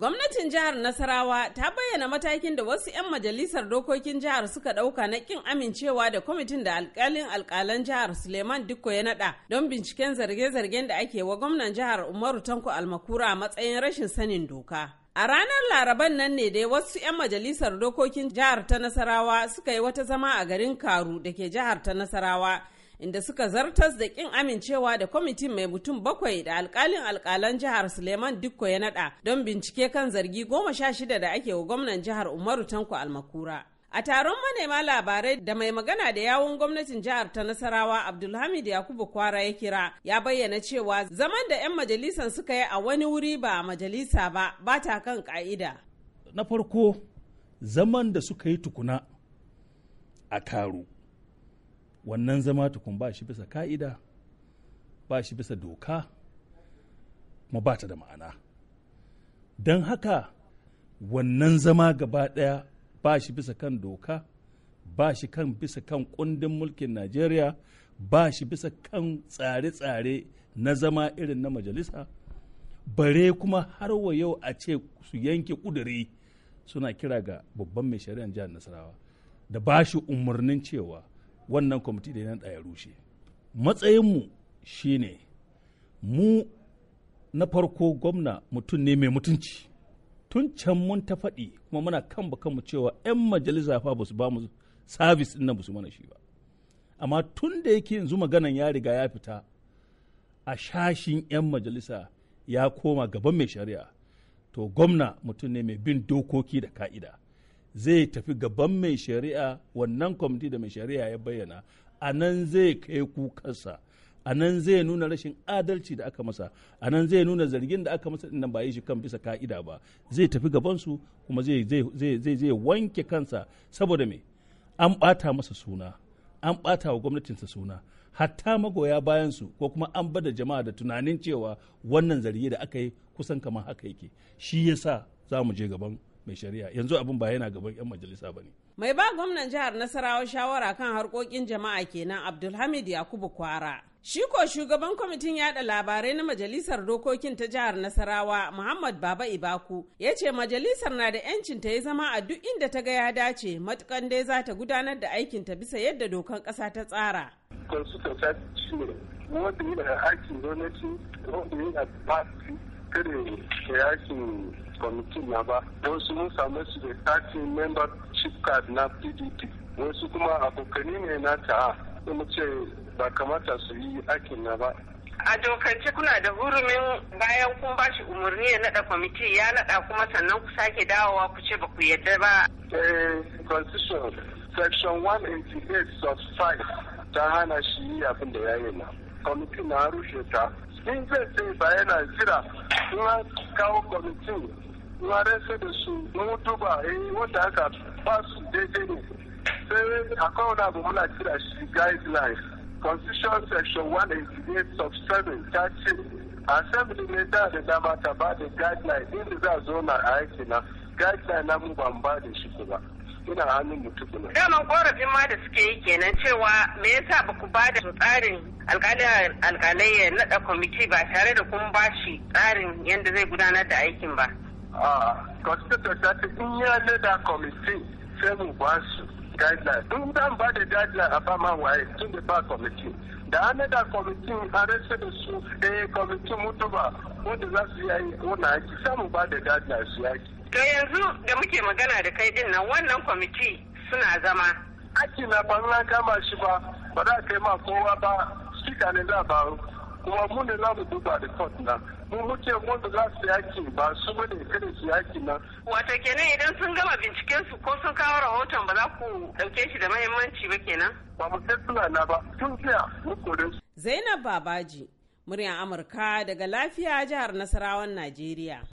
Gwamnatin jihar Nasarawa ta bayyana matakin da wasu 'yan majalisar dokokin jihar suka ɗauka na kin amincewa da kwamitin da alkalin alkalan jihar Suleiman Dikko ya naɗa don binciken zarge-zargen da ake wa gwamnan jihar Umaru Tanko Almakura a matsayin rashin sanin doka. A ranar Laraban nan ne dai wasu 'yan majalisar dokokin jihar ta Nasarawa suka yi wata zama a garin Karu da ke jihar ta Nasarawa inda suka zartas da kin amincewa da kwamitin mai mutum bakwai da alkalin alkalan jihar Suleiman Dikko ya nada don bincike kan zargi goma sha shida da ake wa gwamnan jihar Umaru Tanko Almakura. A taron manema labarai da mai magana da yawun gwamnatin jihar ta Nasarawa Abdulhamid Yakubu Kwara ya kira ya bayyana cewa zaman da 'yan majalisan suka yi a wani wuri ba a majalisa ba ba ta kan ka'ida. Na farko zaman da suka yi tukuna a taro wannan zama tukun ba shi bisa ka'ida ba shi bisa doka ma ba ta da ma'ana don haka wannan zama gaba ɗaya ba shi bisa kan doka ba shi kan bisa kan kundin mulkin najeriya ba shi bisa kan tsare-tsare na zama irin na majalisa bare kuma har wa yau a ce su yanke kuduri suna kira ga babban mai shari'ar jihar nasarawa da ba shi umarnin cewa wannan kwamiti da na ya rushe matsayinmu shi ne mu na farko gwamna mutum ne mai mutunci tun can mun ta faɗi kuma muna kan kanmu cewa 'yan majalisa fa ba su ba mu sabis ɗin na ba su mana shi ba amma tun da yake yanzu maganan ya riga ya fita a shashin 'yan majalisa ya koma gaban mai shari'a to gwamna mutum ne mai bin dokoki da ka'ida zai tafi gaban mai shari'a wannan kwamiti da mai shari'a ya bayyana a nan zai kai kukansa a nan zai nuna rashin adalci da aka masa a nan zai nuna zargin da aka masa din ba yi shi kan bisa ka'ida ba zai tafi gabansu kuma zai zai wanke kansa saboda me an ɓata masa suna an ɓata wa gwamnatinsa suna hatta magoya bayansu ko kuma an bada jama'a da tunanin cewa wannan zargi da aka yi kusan kamar haka yake shi yasa za mu je gaban mai shari'a yanzu abin ba yana gaban 'yan majalisa ba ne. mai ba gwamnan jihar nasarawa shawara kan harkokin jama'a kenan abdulhamid yakubu kwara shi ko shugaban kwamitin yada labarai na majalisar dokokin ta jihar nasarawa muhammad baba ibaku ya ce majalisar na da yancin ta yi zama a duk inda ta ga ya dace matukan dai za ta gudanar da aikin ta bisa yadda dokan ƙasa ta tsara constitution ta ce wanda yana aikin gwamnati wanda yi da irin yakin kwamitin na ba wasu mun samu su da katin membership card na pdp wasu kuma abokani ne na ta'a kuma ce ba kamata su yi aikin na ba a dokance kuna da hurumin bayan kun ba shi umarni ya nada kwamiti ya nada kuma sannan ku sake dawowa ku ce ba ku yadda ba. Eh, constitution section 188 sub 5 ta hana shi abin da ya yi na. Kwamitin na rushe ta in zai ce ba yana jira in an kawo kwamitin in an rasa da su mun duba eh wanda aka ba su daidai ne sai akwai wani abu muna kira shi guidelines constitution section 188 sub 7 ta ce assembly ne da da dama ta ba da guideline inda za a zo na aiki na guideline na mu ban ba da shi ba suna hannun mutum ne. Daman korafin ma da suke yi kenan cewa me yasa ba ku ba da tsarin alkalai ya naɗa kwamiti ba tare da kun ba shi tsarin yadda zai gudanar da aikin ba. Ah, constitution ta ce in ya nada kwamiti sai mu ba su guideline. Duk dan ba da guideline a ba ma waye tun da ba kwamiti. da an da kwamiti an rasa da su eh kwamitin mutuba wanda za su yi na aiki samu ba da guideline su yaki. To yanzu da muke magana da kai din nan wannan kwamiti suna zama. Aki na ban na kama shi ba, ba za ka ma kowa ba, shi ka ne labaru. Kuma mun ne za duba da kot na. Mu muke da za su yaki ba su ne kada su yaki na. Wata kenan idan sun gama binciken su ko sun kawo rahoton ba za ku ɗauke shi da mahimmanci ba kenan. Ba mu kai suna na ba, tun tsaya mu kore su. Zainab Babaji, muryar Amurka daga lafiya jihar Nasarawan Najeriya.